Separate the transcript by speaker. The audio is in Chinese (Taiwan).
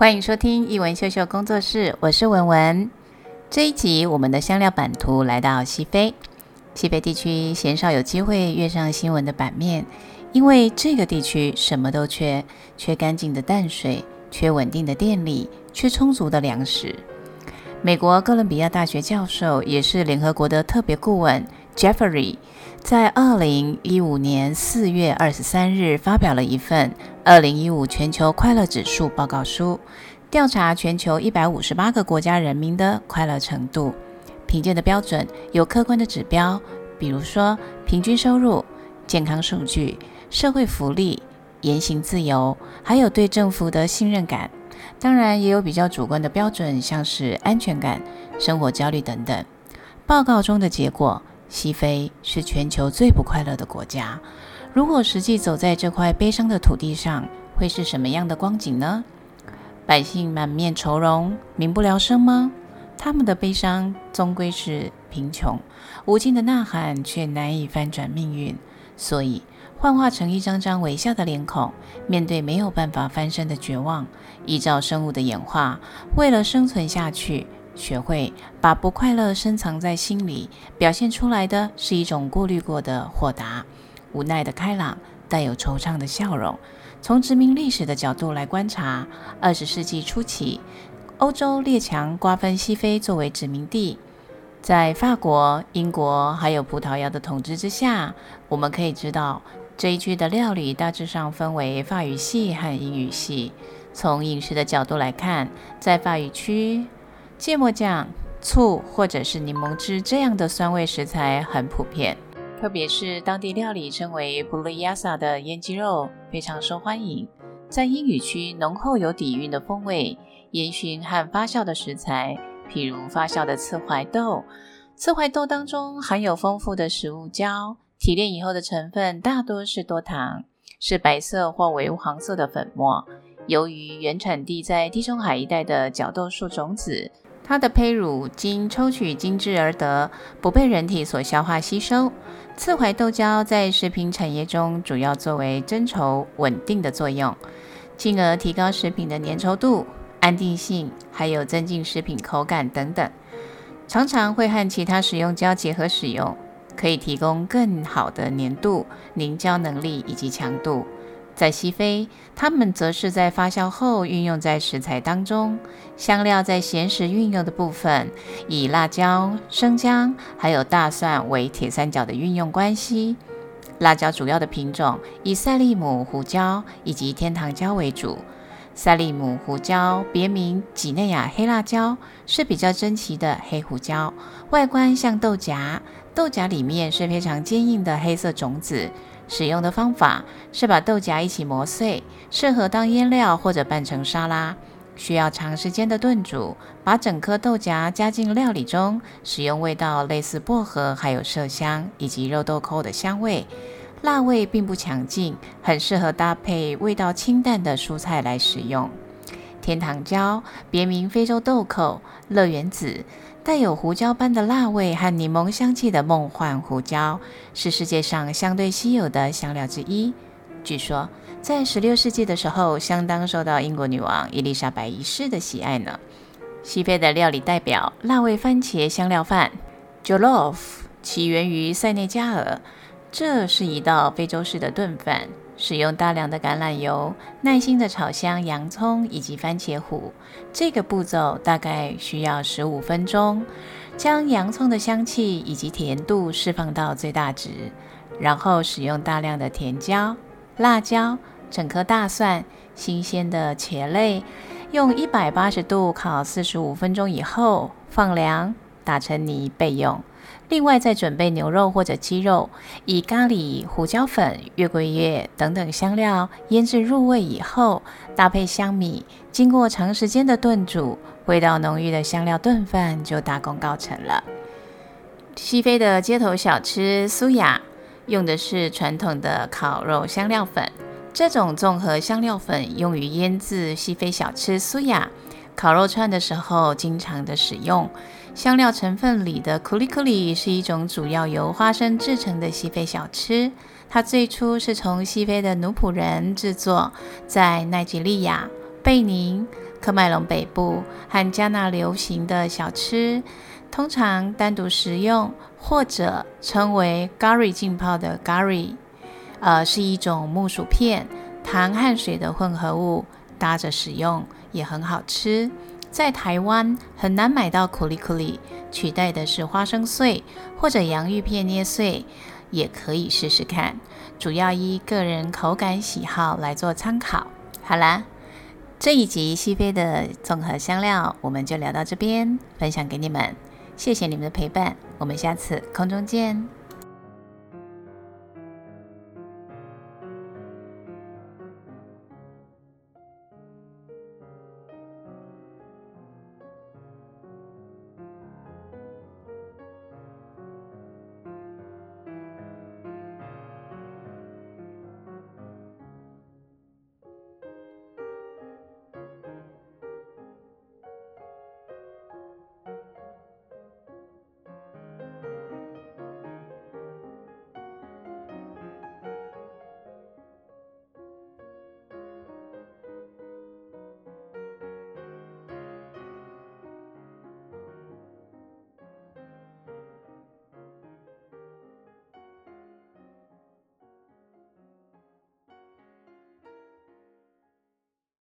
Speaker 1: 歡迎收聽一文秀秀工作室，我是文文。這一集我們的香料版圖來到西非，西非地區鮮少有機會躍上新聞的版面，因為這個地區什麼都缺：缺乾淨的淡水，缺穩定的電力，缺充足的糧食。美國哥倫比亞大學教授，也是聯合國的特別顧問 Jeffrey 在二零一五年四月二十三日，發表了一份《二零一五全球快樂指數報告書》，調查全球一百五十八個國家人民的快樂程度。評鑑的標準有客觀的指標，比如說平均收入、健康數據、社會福利、言行自由，還有對政府的信任感。當然，也有比較主觀的標準，像是安全感、生活焦慮等等。報告中的結果。西非是全球最不快樂的國家，如果實際走在這塊悲傷的土地上，會是什麼樣的光景呢？百姓滿面愁容，民不聊生嗎？他們的悲傷終歸是貧窮，無盡的吶喊卻難以翻轉命運。所以，幻化成一張張微笑的臉孔，面對沒有辦法翻身的絕望。依照生物的演化，為了生存下去。學會把不快樂深藏在心裡，表現出來的是一種過濾過的豁達、無奈的開朗，帶有惆悵的笑容。從殖民歷史的角度來觀察，二十世紀初期，歐洲列強瓜分西非作為殖民地，在法國、英國還有葡萄牙的統治之下，我們可以知道這一區的料理大致上分為法語系和英語系。從飲食的角度來看，在法語區。芥末醬、醋或者是檸檬汁這樣的酸味食材很普遍，特別是當地料理稱為 buliassa 的醃雞肉非常受歡迎。在英語區濃厚有底蘊的風味，煙燻和發酵的食材，譬如發酵的刺槐豆。刺槐豆當中含有豐富的食物膠，提煉以後的成分大多是多糖，是白色或微黃色的粉末。由於原產地在地中海一帶的角豆樹種子。它的胚乳經抽取精制而得，不被人體所消化吸收。刺槐豆膠在食品產業中主要作為增稠穩定的作用，進而提高食品的粘稠度、安定性，還有增進食品口感等等。常常會和其他食用膠結合使用，可以提供更好的粘度、凝膠能力以及強度。在西非，他們則是在發酵後運用在食材當中。香料在鹹食運用的部分，以辣椒、生薑還有大蒜為鐵三角的運用關係。辣椒主要的品種以塞利姆胡椒以及天堂椒為主。塞利姆胡椒別名幾內亞黑辣椒，是比較珍奇的黑胡椒，外觀像豆莢，豆莢裡面是非常堅硬的黑色種子。使用的方法是把豆莢一起磨碎，適合當醃料或者拌成沙拉。需要長時間的燉煮，把整顆豆莢加進料理中，使用味道類似薄荷，還有麝香以及肉豆蔻的香味。辣味並不強勁，很適合搭配味道清淡的蔬菜來使用。天堂椒，別名非洲豆蔻、樂園子。帶有胡椒般的辣味和檸檬香氣的夢幻胡椒是世界上相對稀有的香料之一。據說，在十六世紀的時候，相當受到英國女王伊麗莎白一世的喜愛呢。西非的料理代表辣味番茄香料飯，Jollof，起源於塞內加爾，這是一道非洲式的燉飯。使用大量的橄欖油，耐心的炒香洋蔥以及番茄糊。這個步驟大概需要十五分鐘，將洋蔥的香氣以及甜度釋放到最大值。然後使用大量的甜椒、辣椒、整顆大蒜、新鮮的茄類，用一百八十度烤四十五分鐘以後放涼，打成泥備用。另外再準備牛肉或者雞肉，以咖喱、胡椒粉、月桂葉等等香料醃制入味以後，搭配香米，經過長時間的燉煮，味道濃郁的香料燉飯就大功告成了。西非的街頭小吃蘇雅用的是傳統的烤肉香料粉。這種綜合香料粉用於醃制西非小吃蘇雅烤肉串的時候，經常的使用。香料成分裡的可 u 可 i 是一種主要由花生製成的西非小吃，它最初是從西非的奴僕人製作，在奈及利亞、貝寧、喀麥隆北部和加納流行的小吃，通常單獨食用或者稱為 g a r y 浸泡的 g a r y 呃，是一種木薯片、糖和水的混合物，搭着使用也很好吃。在台灣很難買到苦力苦力，取代的是花生碎或者洋芋片捏碎，也可以試試看，主要依個人口感喜好來做參考。好啦，這一集西非的綜合香料我們就聊到這邊，分享給你們，謝謝你們的陪伴，我們下次空中見。